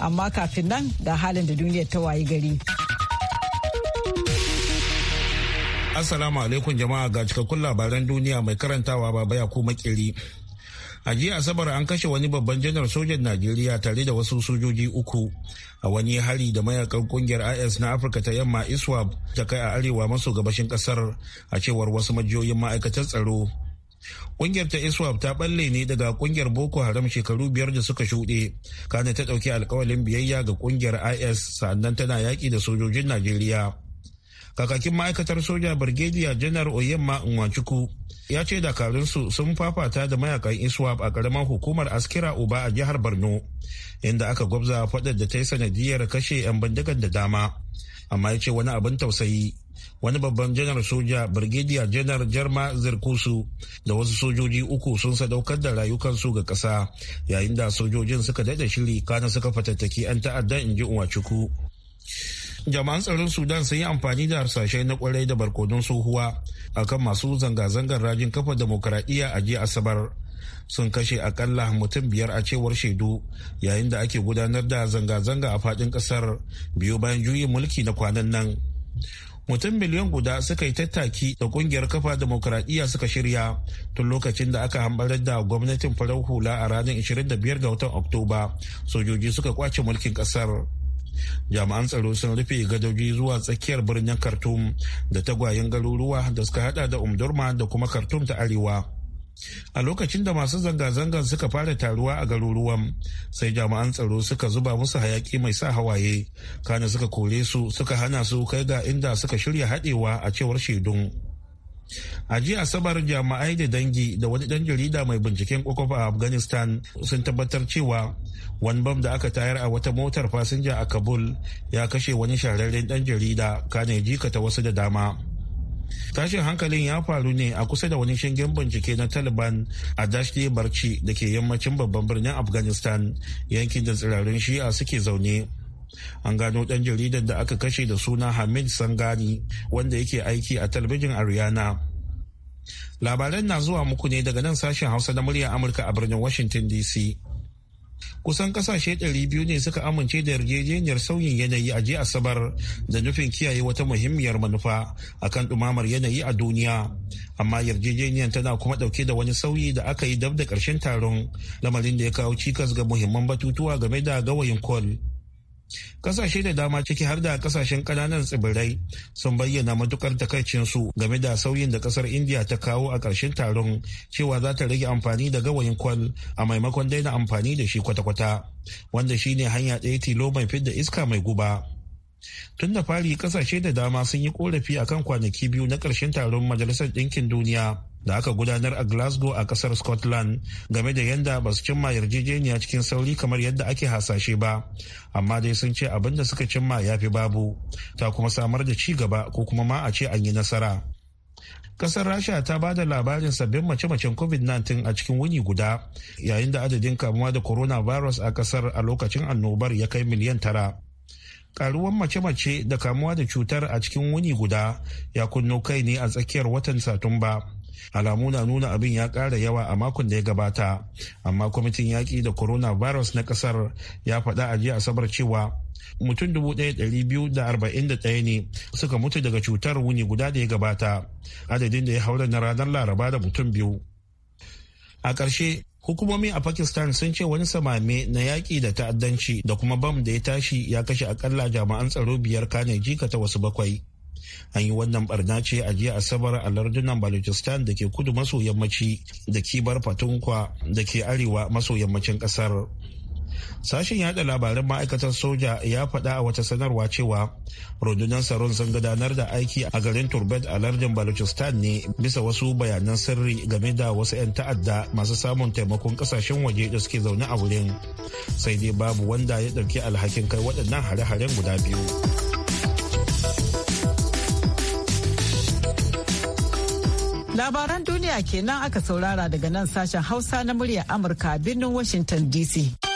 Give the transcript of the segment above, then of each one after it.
amma kafin nan ga halin da duniyar ta wayi gari. Assalamu alaikum jama'a ga cikakkun labaran duniya mai karantawa baba ya kuma kiri. A jiya Asabar an kashe wani babban janar sojan Najeriya tare da wasu sojoji uku a wani hari da mayakan kungiyar IS na Afirka ta yamma ISWAP ta kai a arewa maso gabashin kasar a cewar wasu majiyoyin ma'aikatar tsaro. Ƙungiyar ta ISWAP ta balle ne daga ƙungiyar Boko Haram shekaru biyar da suka shuɗe, kana ta ɗauki alkawalin biyayya ga ƙungiyar IS sannan tana yaƙi da sojojin Najeriya. Kakakin ma'aikatar soja Birgediya Janar Oyemma Nwachukwu ya ce dakarunsu sun fafata da mayakan ISWAP a ƙaramin hukumar Askira Uba a jihar Borno, inda aka gwabza faɗar da ta yi sanadiyar kashe 'yan bindigan da dama. Amma ya ce wani abin tausayi wani babban janar soja birgediya janar jarma zirkusu da wasu sojoji uku sun sadaukar da rayukansu ga ƙasa yayin da sojojin suka daɗa shiri kana suka fatattaki an ta'adda in ji umarciku jama'an tsaron sudan sun yi amfani da harsashe na kwarai da barkodin tsohuwa akan masu zanga-zangar rajin kafa demokaradiyya a jiya asabar sun kashe akalla mutum biyar a cewar shaidu yayin da ake gudanar da zanga-zanga a faɗin ƙasar biyu bayan juyin mulki na kwanan nan mutum miliyan guda suka yi tattaki da kungiyar kafa demokuraɗiyya suka shirya tun lokacin da aka hambarar da gwamnatin farar hula a ranar 25 ga watan oktoba sojoji suka kwace mulkin ƙasar jami'an tsaro sun rufe gadoji zuwa tsakiyar birnin khartoum da tagwayen garuruwa da suka hada da umdurma da kuma khartoum ta arewa a lokacin da masu zanga-zangar suka fara taruwa a garuruwan sai jami'an tsaro suka zuba musu hayaki mai sa hawaye kana suka kore su suka hana su kai ga inda suka shirya haɗewa a cewar shaidun a jiya asabar jami'ai da dangi da wani dan jarida mai binciken kwakwafa a afghanistan sun tabbatar cewa wani bam da aka tayar a wata motar fasinja a kabul ya kashe wani shahararren dan jarida kana jikata wasu da dama tashin hankalin ya faru ne a kusa da wani shingen bincike na taliban a dashi barci da ke yammacin babban birnin afghanistan yankin da tsirarin shi'a suke zaune an gano dan jaridar da aka kashe da suna hamid sangani wanda yake aiki a talabijin ariana labaran na zuwa muku ne daga nan sashen hausa na murya amurka a birnin washington dc kusan kasashe 200 ne suka amince da yarjejeniyar sauyin yanayi a jiya asabar da nufin kiyaye wata muhimmiyar manufa a kan dumamar yanayi a duniya amma yarjejeniyar tana kuma dauke da wani sauyi da aka yi dab da ƙarshen taron lamarin da ya kawo cikas ga muhimman batutuwa game da gawayin kol Kasashe da dama ciki har da kasashen kananan tsibirai sun bayyana matukar takaicinsu game da sauyin da kasar India ta kawo a ƙarshen taron cewa za ta rage amfani da gawayin kwal a maimakon daina amfani da shi kwata-kwata, wanda shine hanya ɗaya tilo mai fidda iska mai guba. Tun da fari kasashe da dama sun yi korafi a kan kwanaki biyu na ƙarshen taron Majalisar Ɗinkin Duniya da aka gudanar a Glasgow a ƙasar Scotland game da yadda ba su cimma yarjejeniya cikin sauri kamar yadda ake hasashe ba, amma dai sun ce abin da suka cimma ya fi babu, ta kuma samar da ci gaba ko kuma ma a ce an yi nasara. Kasar Rasha ta ba da labarin sabbin mace-macen COVID-19 a cikin wuni guda, yayin da adadin kamuwa da coronavirus a kasar a lokacin annobar ya kai miliyan tara. karuwan mace-mace da kamuwa da cutar a cikin wuni guda ya kunno kai ne a tsakiyar watan satumba alamu na nuna abin ya ƙara yawa a makon da ya gabata amma kwamitin yaƙi da coronavirus na ƙasar ya faɗa a jiya asabar cewa mutum dubu biyu da da arba'in 1,241 ne suka mutu daga cutar wuni guda da ya gabata adadin da ya haura na ranar laraba da mutum biyu a ƙarshe hukumomi a pakistan sun ce wani samame na yaƙi da ta'addanci da kuma bam da ya tashi ya kashe akalla jami'an tsaro biyar kane jika ta wasu bakwai an yi wannan barna ce a jiya asabar a lardunan balochistan da ke kudu maso yammaci da kibar fatunkwa da ke arewa maso yammacin kasar Sashen yada labaran ma'aikatar soja ya faɗa a wata sanarwa cewa rundunar tsaron sun gudanar da aiki a garin Turbet a lardin Balochistan ne bisa wasu bayanan sirri game da wasu 'yan ta'adda masu samun taimakon kasashen waje da suke zaune a wurin. Sai dai babu wanda ya ɗauki alhakin kai waɗannan hare-haren guda biyu. Labaran duniya kenan aka saurara daga nan sashen Hausa na muryar Amurka birnin Washington DC.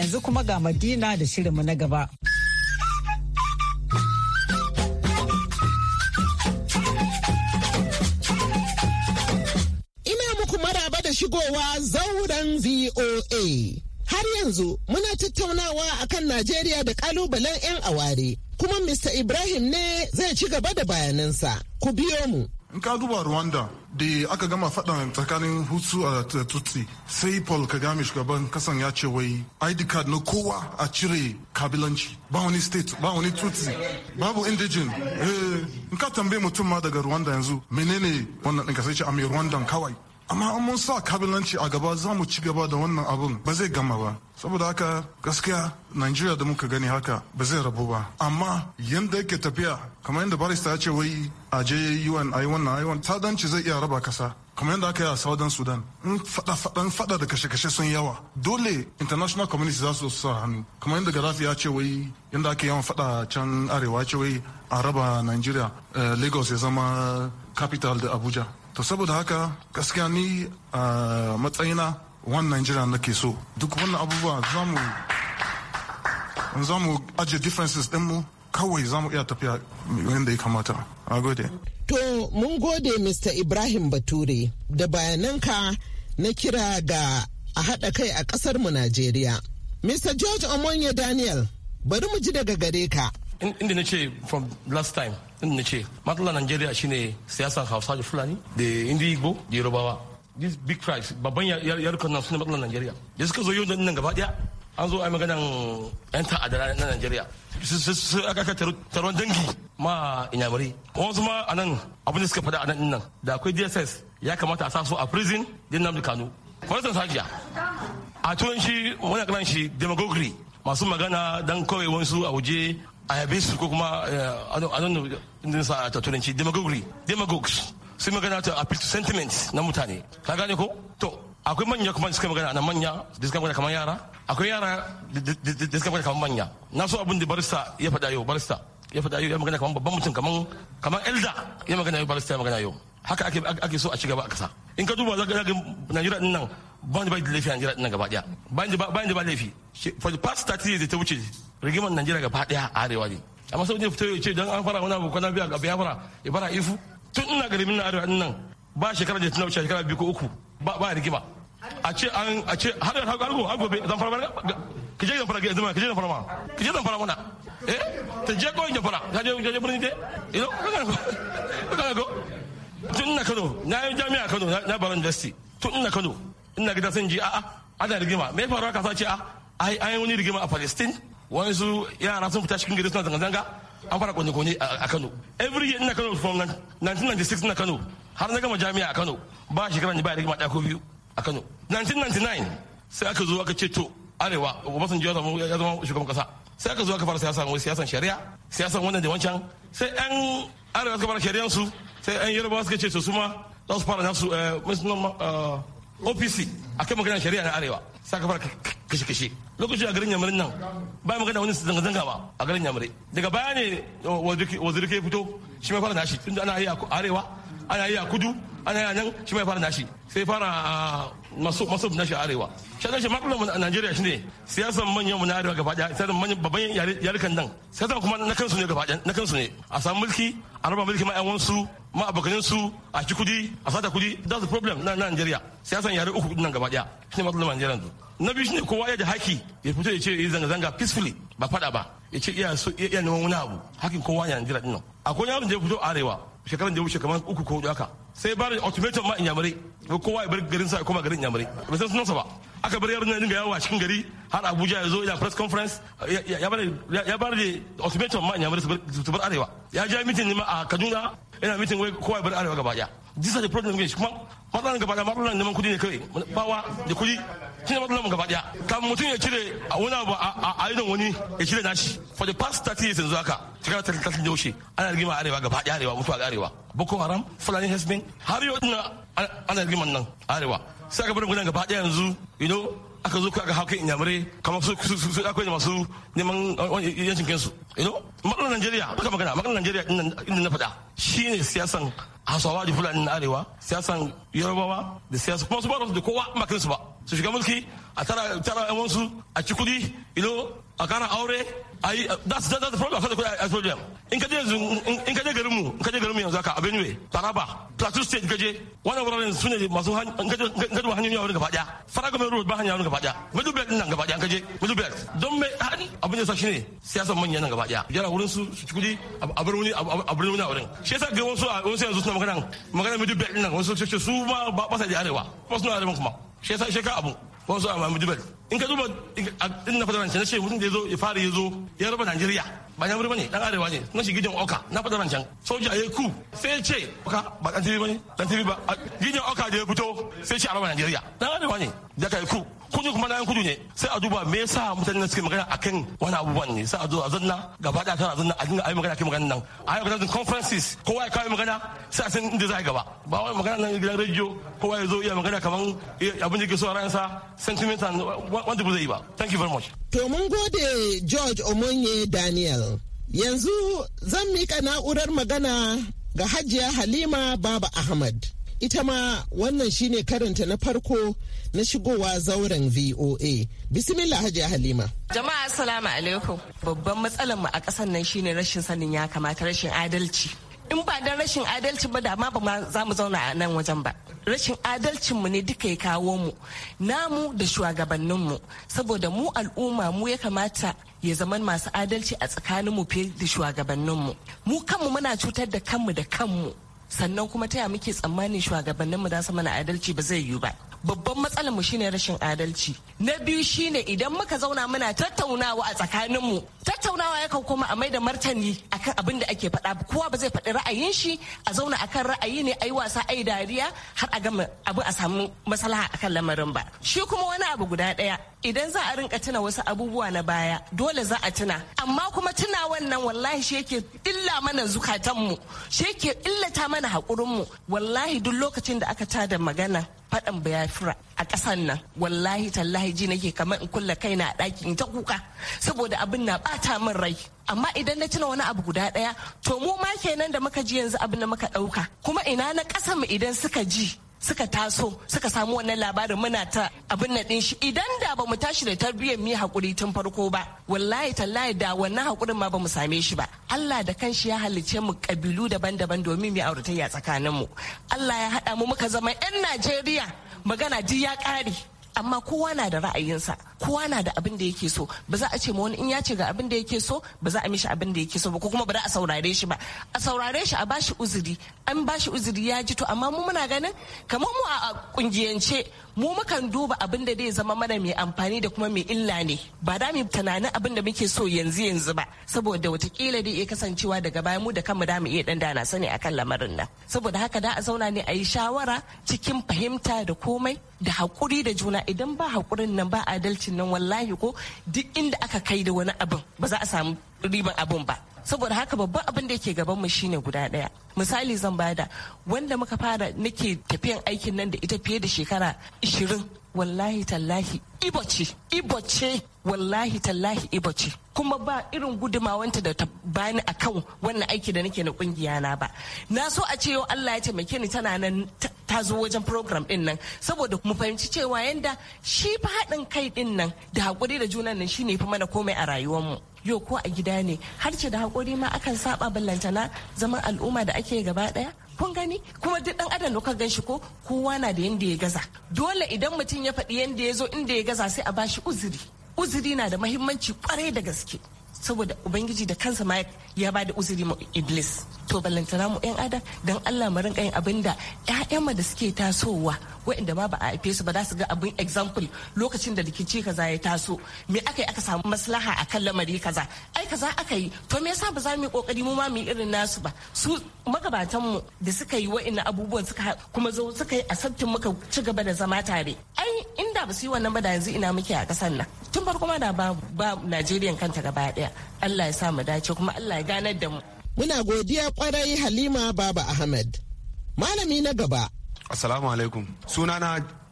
Yanzu kuma ga Madina da shirinmu na gaba. ina muku da maraba shigowa zauren VOA. har yanzu muna tattaunawa akan Najeriya da kalubalen 'yan aware. Kuma Mr. Ibrahim ne zai ci gaba da bayanansa. Ku biyo mu. In ka duba Rwanda da aka gama faɗan tsakanin Hutu a Tutsi sai Paul Kagame shugaban kasan ya ce wai ID card na kowa a cire kabilanci ba wani state ba wani Tutsi babu indigen eh, in ka tambaye mutum ma daga Rwanda yanzu menene wannan ɗin ka sai ce a ah, mai Rwandan kawai amma an mun sa kabilanci a gaba za mu ci gaba da wannan abun ba zai gama ba saboda haka gaskiya najeriya da muka gani haka ba zai rabu ba amma yadda yake tafiya kamar yadda barista ya ce wai a je yiwan a yi wannan a yi wannan sadanci zai iya raba kasa kamar yadda aka yi a southern sudan in fada fadan fada da kashe-kashe sun yawa dole international community za su sa hannu kamar yadda gaddafi ya ce wai yadda ake yawan fada can arewa ce wai a raba nigeria eh, lagos ya zama capital da abuja to saboda haka gaskiya ni a matsayina wannan na nake so duk wannan abubuwa za mu ajiye differences mu kawai za mu iya tafiya yadda ya kamata a gode to mun gode mr ibrahim bature da bayanan ka na kira ga a haɗa kai a ƙasar mu najeriya mr george omonye daniel bari mu ji daga gare ka inda na ce from last time in na ce matsalar najeriya shine siyasar hausa da fulani da indi igbo da yorubawa this big price babban yarukan nan suna matsalar najeriya da suka zo yau da nan gaba daya an zo a maganan yan ta'adara na najeriya su aka taron dangi ma inyamari wasu ma a nan abin da suka faɗa a nan nan da akwai dss ya kamata a sa su a prison din namdi kanu kwanatar sajiya a turanci wani kanan shi demagogri masu magana don kawai wansu a waje a yabe su ko kuma eh, a nan inda sa a turanci demagoguery demagogues sun magana ta appeal to sentiment na mutane ka gane ko to akwai manya kuma suka magana na manya da suka magana kamar yara akwai yara da suka magana kamar manya na so abin da barista ya faɗa yau barista ya faɗa yau ya magana kamar babban mutum kamar kamar elder ya magana yau barista ya magana yau haka ake so a ci gaba a kasa in ka duba za ka ga Najeriya din nan ba ni ba da laifi a Najeriya ɗin gaba daya ba ni ni ba laifi for the past 30 years ta wuce rigimar Najeriya gaba daya a arewa ne amma sai fito ya ce dan an fara wani abu kwana biyu a fara ya fara ifu tun ina garimin na arewa nan ba shekara da ta wuce shekara biyu ko uku ba ba rigima a ce an a ce har har har har gobe zan fara ki je zan fara ki zama ki je zan fara ma ki je zan fara mana eh ta je ko je fara ta je je birni de you ka ga ko tun ina Kano na jami'a Kano na baran university tun ina Kano ina gida sun ji a'a ana rigima me ya faru kasuwa ce a ai an wani rigima a Palestine wani su yara sun fita cikin gari suna zanga-zanga an fara kone-kone a Kano every year ina Kano from 1996 ina Kano har na gama jami'a a Kano ba shekara ne ba rigima ɗaya ko biyu a Kano 1999 sai aka zo aka ce to arewa obasanjo ya zama ya zama shugaban kasa sai aka zo aka fara siyasa wani siyasan shari'a siyasan wannan da wancan sai yan arewa suka fara shari'an su sai yan yarbawa suka ce su ma za su fara nasu eh, eh, opc akan magana shari'a na arewa saka fara kashi kashi. lokacin a garin yamarin nan ba magana wani zanga-zanga ba a garin yamarai daga baya ne wazirka ya fito shi ma fara nashi tun da ana yi a arewa ana yi a kudu ana yi a nan shi mai fara nashi sai fara a ah, masu masu nashi arewa shi shi nashi mu a Najeriya shine siyasan manyan mu na arewa gaba daya siyasan manyan babban yarukan nan siyasan kuma na kansu ne gaba daya na kansu ne a samu mulki a raba mulki ma ƴan su ma abokanin su a ci kudi a sata kudi that's the problem na Najeriya siyasan yare uku nan gaba daya shine matsalar Najeriya yanzu na biyu shine kowa ya da haki ya fito ya ce yi zanga-zanga peacefully ba fada ba ya ce iya neman wani abu hakin kowa ya Najeriya din nan akwai yaron da ya fito arewa shekaran da ya wuce kamar uku ko hudu haka sai ba da automated ma inyamurai kowa ya bar garin sa ya koma garin inyamurai ba san sunansa ba aka bar yaron ya dinga yawo a cikin gari har abuja ya zo ina press conference ya bar da automated ma inyamurai su bar arewa ya ja mitin ma a kaduna ina mitin wai kowa ya bar arewa gaba daya this is the problem kuma matsalan gaba daya matsalan neman kudi ne kawai bawa da kudi shi ne matsalar mu gaba daya kan mutum ya cire a wani abu a idon wani ya cire nashi for the past 30 years yanzu haka shekara ta tattalin yaushe ana rigima arewa gaba daya arewa mutuwa arewa boko haram fulani has been har yau ina ana rigima nan arewa sai aka bari gudan gaba daya yanzu you know aka zo aka hauka inyamure kamar su su su akwai da masu neman yancin kansu you know matsalar najeriya baka magana matsalar najeriya inda na faɗa shine siyasan hausawa da fulani na arewa siyasan yarbawa da siyasa kuma su ba su da kowa makinsu ba su shiga mulki a tara tara wansu a ci kudi ilo a kana aure a yi that's that's the problem kada a problem in kaje yanzu in kaje garin mu in kaje garin mu yanzu haka a Benue Taraba Plateau State ka je wannan wuraren su ne masu in ka hanyoyi a wurin gaba daya Faragame Road ba hanya wurin gaba daya Middle Belt nan gaba daya ka je Middle Belt don me abin da sa ne siyasar manyan nan gaba daya yara wurin su su ci kudi a bar wani a bar wani a wurin shi yasa ga wasu a wasu yanzu suna magana magana Middle Belt nan wasu su su ba ba sa da arewa ba suna arewa kuma shi yasa shi ka abu wasu a Muhammadu Bello in ka zuba in na fadaranci na ce mutum da ya zo ya fara ya zo ya raba Najeriya ba ya ne bane dan arewa ne na shi gidan oka na faɗa nan can soja ya ku sai ce oka ba dan ba ne dan tiri ba gidan oka da ya fito sai ce a raba Najeriya dan arewa ne da kai ku kudu kuma na kudu ne sai a duba me yasa mutane suke magana akan wani abubuwan ne sai a zo a zanna gaba da kan a zanna a dinga ayi magana kai magana nan a yi magana conferences kowa ya kawo magana sai a san inda za a gaba ba wai magana nan gidan rediyo kowa ya zo iya magana kaman abin da ke so a ransa sentiment wanda ba zai yi ba thank you very much To mun gode George Omonye Daniel. Yanzu zan mika na'urar magana ga Hajiya Halima Baba Ahmad. Ita ma wannan shine karanta na farko na shigowa zauren VOA. Bismillah Hajiya Halima. Jama'a Assalamu alaikum. Babban matsalar mu a ƙasar nan shine rashin sanin ya kamata rashin adalci. in ba da rashin adalci ba da ma ba za mu zauna a nan wajen ba rashin adalcin mu ne duka ya kawo mu namu da shugabannin mu saboda mu al'umma mu ya kamata ya zama masu adalci a tsakanin mu fiye da shugabannin mu mu kanmu muna cutar da kanmu da kanmu sannan kuma ta ya muke tsammanin shugabannin mu za su mana adalci ba zai yiwu ba babban matsalar mu shine rashin adalci na biyu shine idan muka zauna muna tattaunawa a tsakanin mu tattaunawa yakan koma a mai da martani akan abin da ake faɗa kowa ba zai faɗi ra'ayin shi a zauna akan ra'ayi ne ayi wasa ayi dariya har a gama abin a samu maslaha akan lamarin ba shi kuma wani abu guda ɗaya idan za a rinka tuna wasu abubuwa na baya dole za a tuna amma kuma tuna wannan wallahi shi yake illa mana zukatanmu shi yake illata mana haƙurinmu wallahi duk lokacin da aka tada magana faɗan bayafra a ƙasan nan wallahi tallahi ji nake kamar in kulla kaina a ɗaki in ta kuka saboda abin na ɓata min rai amma idan na tuna wani abu guda ɗaya to mu ma kenan da muka ji yanzu abin da muka ɗauka kuma ina na ƙasa mu idan suka ji suka taso suka samu wannan labarin muna ta abin na shi idan da bamu tashi da tarbiyyar mu hakuri tun farko ba wallahi tallahi da wannan hakurin ma bamu same shi ba Allah da kanshi ya halicce mu kabilu daban-daban domin mu auratayya tsakanin mu Allah ya haɗa mu muka zama 'yan Najeriya magana duk ya ƙare amma kowa na da ra'ayinsa kowa na da abin da yake so ba za a ce ma wani in ya ce ga abin da yake so ba za a mishi abin da yake so ba ko kuma ba za a saurare shi ba a saurare shi a bashi uzuri an bashi uzuri ya ji to amma mu muna ganin kamar mu a kungiyance mu mukan duba abin da zai zama mana mai amfani da kuma mai illa ne ba da mu tunanin abin da muke so yanzu yanzu ba saboda watakila da ya kasancewa daga baya mu da kanmu da mu iya dan dana sani akan lamarin nan saboda haka da a zauna ne a yi shawara cikin fahimta da komai da hakuri da juna idan ba hakurin nan ba adalci lokacin nan wallahi ko duk inda aka kai da wani abin ba za a samu riban abin ba saboda haka babban abin da yake gaban mu shine guda daya misali zan bada wanda muka fara nake tafiyan aikin nan da ita fiye da shekara 20 wallahi tallahi ibo ce ibo ce wallahi tallahi iba kuma ba irin gudumawanta da ta bani kan wannan aiki da nake na kungiya na ba na so a ce yau Allah ya taimake ni tana nan ta zo wajen program din nan saboda mu fahimci cewa yanda shi fa haɗin kai din nan da hakuri da junan nan shine fi mana komai a rayuwar mu yau ko a gida ne har ce da hakuri ma akan saba na zaman al'umma da ake gaba ɗaya kun gani kuma duk dan adam da kuka gan shi ko kowa na da yanda ya gaza dole idan mutum ya faɗi yanda ya zo inda ya gaza sai a bashi uzuri uzuri na da mahimmanci kwarai da gaske saboda ubangiji da kansa ma ya ba da uzuri ma iblis to ballantana mu yan adam dan Allah mu rinka yin abin da ƴaƴan mu da suke tasowa waɗanda ma ba a haife su ba za su ga abin example lokacin da rikici kaza ya taso me aka yi aka samu maslaha akan lamari kaza ai kaza aka yi to me yasa ba za mu yi kokari mu ma mu yi irin nasu ba su magabatan mu da suka yi waɗannan abubuwan suka kuma zo suka yi asabtin muka ci gaba da zama tare ai da ba su yi wannan ba da yanzu ina muke a kasar nan tun farko ma da ba Najeriya kanta gaba daya Allah ya sa mu dace kuma Allah ya ganar da mu muna godiya kwarai Halima Baba Ahmed malami na gaba Assalamu alaikum sunana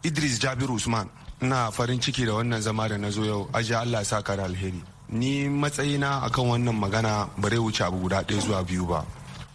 Idris jabir Usman ina farin ciki da wannan zama da na zo yau aji Allah ya sa ka da alheri ni matsayi na akan wannan magana ba zai wuce abu guda ɗaya zuwa biyu ba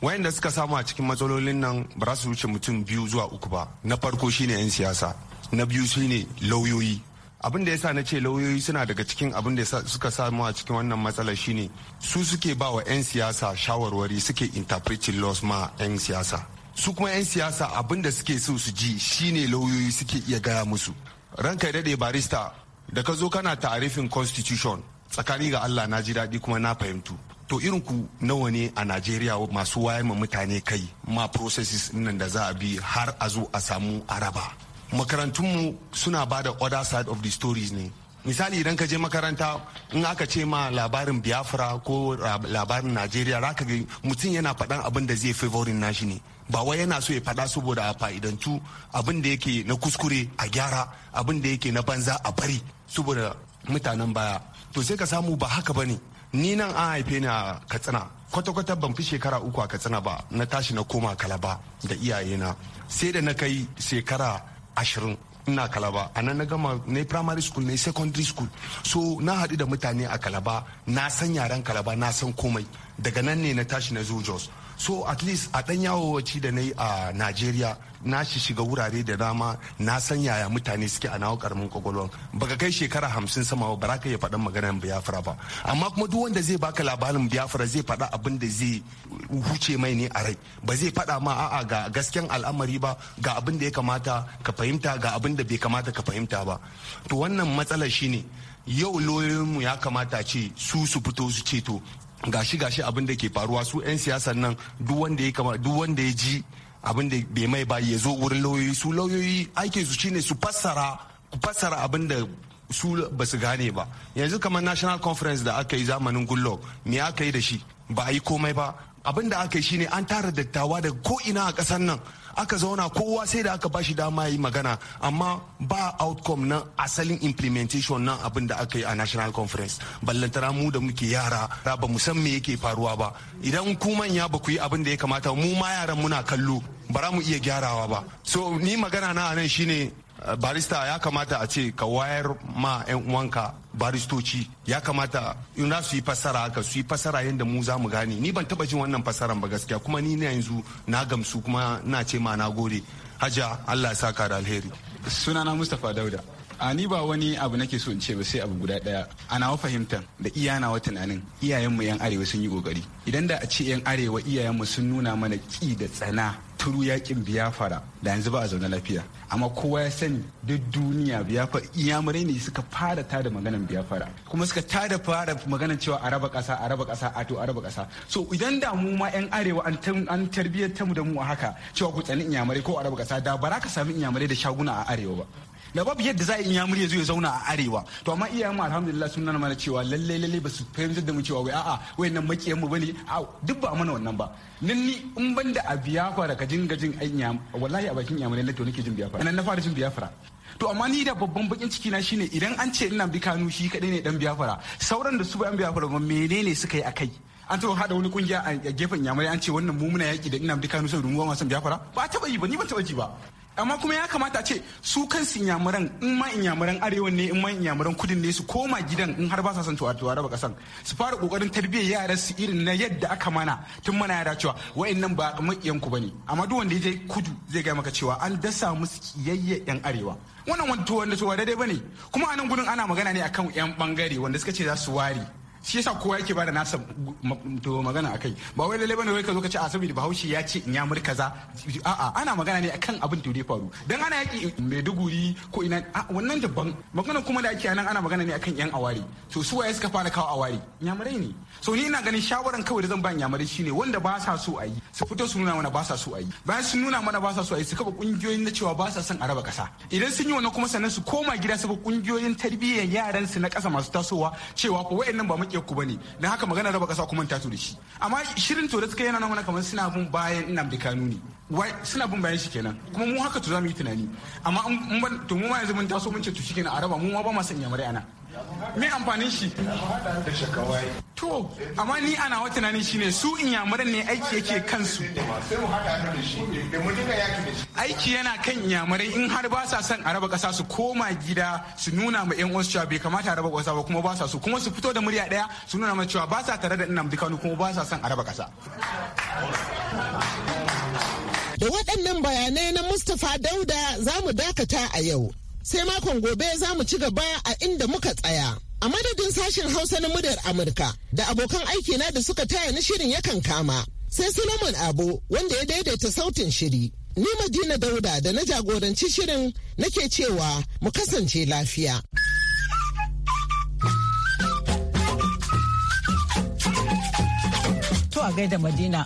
wayanda suka samu a cikin matsalolin nan ba za su wuce mutum biyu zuwa uku ba na farko shine 'yan siyasa na biyu ne lauyoyi abin da ya sa na ce lauyoyi suna daga cikin abin da suka samu a cikin wannan matsalar shine su suke ba wa 'yan siyasa shawarwari suke interpreting laws ma 'yan siyasa su kuma 'yan siyasa abin da suke so su ji shine lauyoyi suke iya gaya musu ranka ya daɗe barista da ka zo kana tarifin constitution tsakani ga allah na ji daɗi kuma na fahimtu to irin ku nawa ne a najeriya masu wayar ma mutane kai ma processes nan da za a bi har a zo a samu araba makarantunmu suna ba da other side of the stories ne misali idan ka je makaranta in aka ce ma labarin biafra ko labarin najeriya zaka ga mutum yana faɗan abin da zai favorin nashi ne ba wai yana so ya faɗa saboda a fa'idantu abin da yake na kuskure a gyara abin da yake na banza a bari saboda mutanen baya to sai ka samu ba haka ba ne ni nan an haife ni a katsina kwata-kwata ban fi shekara uku a katsina ba na tashi na koma kalaba da iyayena sai da na kai shekara ashirin ina kalaba a nan na gama na primary school na secondary school so na haɗu da mutane a kalaba na san yaren kalaba na san komai daga nan ne na tashi na zo jos so at least a dan wacce da na yi a najeriya na shi shiga wurare da dama na san yaya mutane suke a nawa karamin kwakwalwa baka kai shekara hamsin sama ba ka iya faɗan maganar biafra ba amma kuma duk wanda zai baka labarin biyafara zai faɗa abin da zai huce mai ne a rai ba zai faɗa ma a'a ga gasken al'amari ba ga abin da ya kamata ka fahimta ga abin da bai kamata ka fahimta ba to wannan matsalar shine yau lauyoyinmu ya kamata ce su su fito su ceto. gashi gashi abin da ke faruwa su 'yan siyasan nan duk wanda ya kama duk wanda ya ji abin da bai mai ba ya zo wurin lauyoyi su lauyoyi aikin su shine su fassara fassara abin da su ba su gane ba yanzu kamar national conference da aka yi zamanin gullog me aka yi da shi ba a yi komai ba abin da aka yi shine an tara dattawa daga ko ina a ƙasar nan aka zauna kowa sai da aka ba shi dama yi magana amma ba outcome na asalin implementation na abin da aka yi a national conference ballantara mu da muke yara ba mu san me yake faruwa ba idan ku manya ba ku yi abin da ya kamata mu ma yaran muna kallo ba mu iya gyarawa ba so ni magana na nan shine Eh, barista ya kamata a ce ka wayar ma 'yan uwanka baristoci ya kamata in za su yi fassara haka su yi fassara yadda mu za mu gane ni ban taba jin wannan fassaran ba gaskiya kuma ni na yanzu na gamsu kuma na ce ma na gode Hajja allah sa ka da alheri sunana mustapha dauda a ni ba wani abu nake so in ce ba sai abu guda daya ana wa fahimtar da iya na wata tunanin iyayenmu yan arewa sun yi kokari idan da a ce yan arewa iyayenmu sun nuna mana ki da tsana turu yakin biyafara da yanzu ba a zaune lafiya amma kowa ya sani duk duniya biyafara iyamurai ne suka fara tada maganan biyafara kuma suka tada fara maganan cewa araba kasa raba kasa ato araba kasa so idan da mu ma yan arewa an tarbiyyar mu da mu a haka cewa ku tsani iyamurai ko araba kasa da ba ka sami iyamurai da shaguna a arewa ba da babu yadda za a iya murya zuwa zauna a arewa to amma iyayen mu alhamdulillah sun nuna mana cewa lalle lalle ba su fahimtar da mu cewa wai a'a wayannan makiyan mu bane a duk ba mana wannan ba nan ni in ban da a biyafara da ka jinga jin anya wallahi a bakin lalle to nake jin biyafara nan na fara jin biyafara to amma ni da babban bakin ciki na shine idan an ce ina bi kanu shi kadai ne dan biyafara sauran da su bayan biyafara ba menene suka yi akai an taɓa haɗa wani kungiya a gefen yamurai an ce wannan mumuna yaki da ina bi kanu sai rumuwa ba ma san ba taɓa yi ba ni ban taɓa ji ba amma kuma ya kamata a ce su kansu inyamuran in ma inyamuran arewan ne in ma inyamuran kudin ne su koma gidan in har ba sa son tuwa raba kasan su fara kokarin tarbiyyar yaran su irin na yadda aka mana tun mana yara cewa wa'annan ba makiyan ku ne amma duk wanda ya je kudu zai ga maka cewa an dasa musu kiyayya yan arewa wannan wanda to wanda to daidai ne kuma anan gudun ana magana ne akan yan bangare wanda suka ce za su ware shi yasa kowa yake bada nasa to magana kai ba wai lalle bane wai ka zo ka ce a saboda Bahaushe ya ce in ya muri kaza a'a ana magana ne akan abin da ya faru dan ana yaki Maiduguri ko ina wannan daban magana kuma da ake nan ana magana ne akan yan awari to su waye suka fara kawo awari nyamurai ne so ni ina ganin shawaran kawai da zan ban yamari shine wanda ba sa so a yi su fito su nuna mana ba sa so a yi bayan sun nuna mana ba sa so a yi su kafa kungiyoyin na cewa ba sa son a raba kasa idan sun yi wannan kuma sannan su koma gida su kungiyoyin tarbiyyar yaran su na kasa masu tasowa cewa wai wayannan ba muke ku bane dan haka magana raba kasa kuma ta da shi amma shirin to da suka yana mana kamar suna bin bayan ina da kanuni suna bin bayan shi kenan kuma mu haka to za mu yi tunani amma to mu ma yanzu mun taso mun ce to shi kenan a raba mu ma ba ma son yamari ana me amfanin shi to amma ni ana wa tunanin shine su in yamuran ne aiki yake kansu aiki yana kan inyamurai in har ba sa son a raba kasa su koma gida su nuna ma yan uwansu cewa bai kamata a raba kasa ba kuma ba sa su kuma su fito da murya daya su nuna ma cewa ba sa tare da ina Kano kuma ba sa son a raba kasa da waɗannan bayanai na Mustapha Dauda za mu dakata a yau sai makon gobe za mu ci gaba a inda muka tsaya. A madadin sashen Hausa na muryar Amurka da abokan aikina da suka taya ni shirin yakan kama. Sai Solomon abu wanda ya daidaita sautin shiri. Ni Madina Dauda da na jagoranci shirin nake cewa mu kasance lafiya. To a gaida Madina.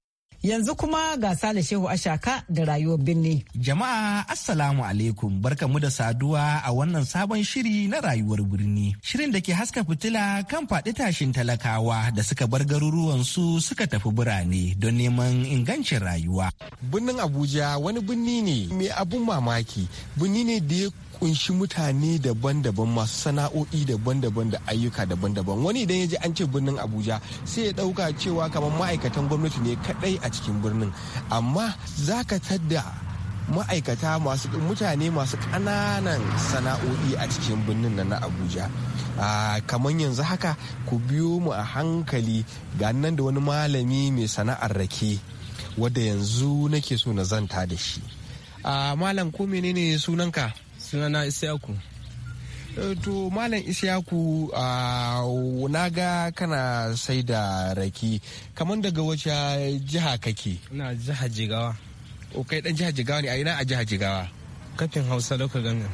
Yanzu kuma ga Sale Shehu Ashaka da rayuwar birni. Jama'a Assalamu alaikum barkamu da saduwa a wannan sabon shiri na rayuwar birni. Shirin da ke haska fitila kan faɗi tashin talakawa da suka bar garuruwansu suka tafi birane don neman ingancin rayuwa. Birnin Abuja wani birni ne mai abun mamaki, birni ne da ya kunshi mutane daban-daban masu sana'o'i daban-daban da ayyuka daban-daban wani idan ya je an ce birnin abuja sai ya dauka cewa kamar ma'aikatan gwamnati ne kadai a cikin birnin amma za ka tadda ma'aikata masu mutane masu kananan sana'o'i a cikin birnin na abuja kamar yanzu haka ku biyo mu a hankali ga nan da wani malami mai sana'ar rake wadda yanzu nake so na zanta da shi malam ko menene sunanka sunana isyaku eh, to malam isyaku na ga kana sai da raki kamar daga wace jiha kake na jiha jigawa o kai dan jiha jigawa ne a ina a jiha jigawa kafin hausa local government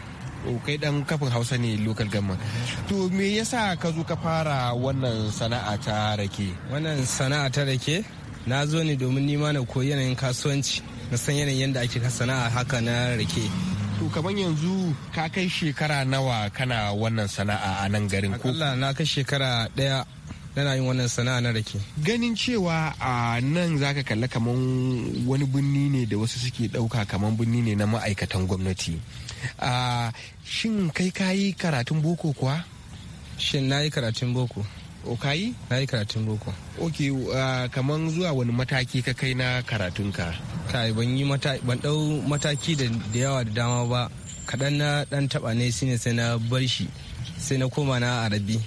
o kai dan kafin hausa ne local government to me yasa ka zo ka fara wannan sana'a ta rake wannan sana'a ta rake na zo ne domin nima na koyi yanayin kasuwanci na san yanayin yadda ake sana'a haka na rake to kamar yanzu ka kai shekara nawa kana wannan sana'a a nan garin ko Allah na kai shekara daya nana yin wannan sana'a na rake ganin cewa a nan zaka kalla kaman wani birni ne da wasu suke ɗauka kaman birni ne na ma'aikatan gwamnati shin kai kayi karatun boko kuwa shin na yi karatun boko O Na yi karatun boko. Ok, uh, kaman zuwa wani mataki ka kai na karatunka? Kai ban yi ban ɗau mataki da yawa da dama ba. Kaɗan na ɗan taɓa ne shine sai na bar shi sai na koma na arabi.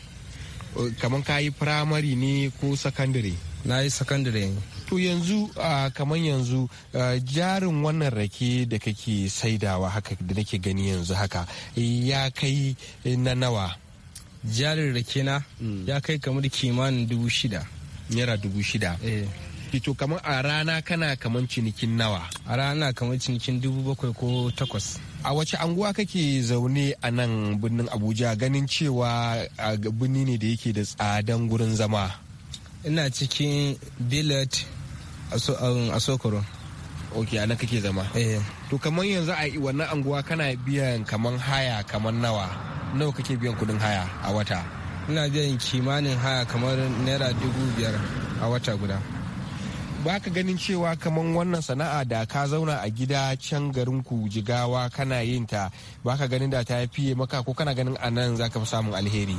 Kaman ka yi firamare ne ko sakandare? Na yi sakandare ne. To yanzu uh, kamar yanzu uh, jarin wannan rake da kake saidawa haka da nake gani yanzu haka ya kai na nawa. jarin rake na mm. ya kai kamar kimanin dubu shida naira dubu shida eh. fito kamar a rana kana kamar cinikin nawa a rana kamar cinikin dubu bakwai ko takwas a wace anguwa kake zaune a nan birnin abuja ganin cewa birni ne da yake da tsadan gurin zama ina cikin billet a um, sokoro ok a nan kake zama eh. to kamar yanzu a wannan anguwa kana biyan kamar haya kamar nawa nawa kake biyan kuɗin haya a wata ina biyan kimanin haya kamar naira dubu biyar a wata guda ba ka ganin cewa kamar wannan sana'a da ka zauna a gida can garin ku jigawa kana yin ta ba ka ganin da ta fiye maka ko kana ganin a nan za ka fi samun alheri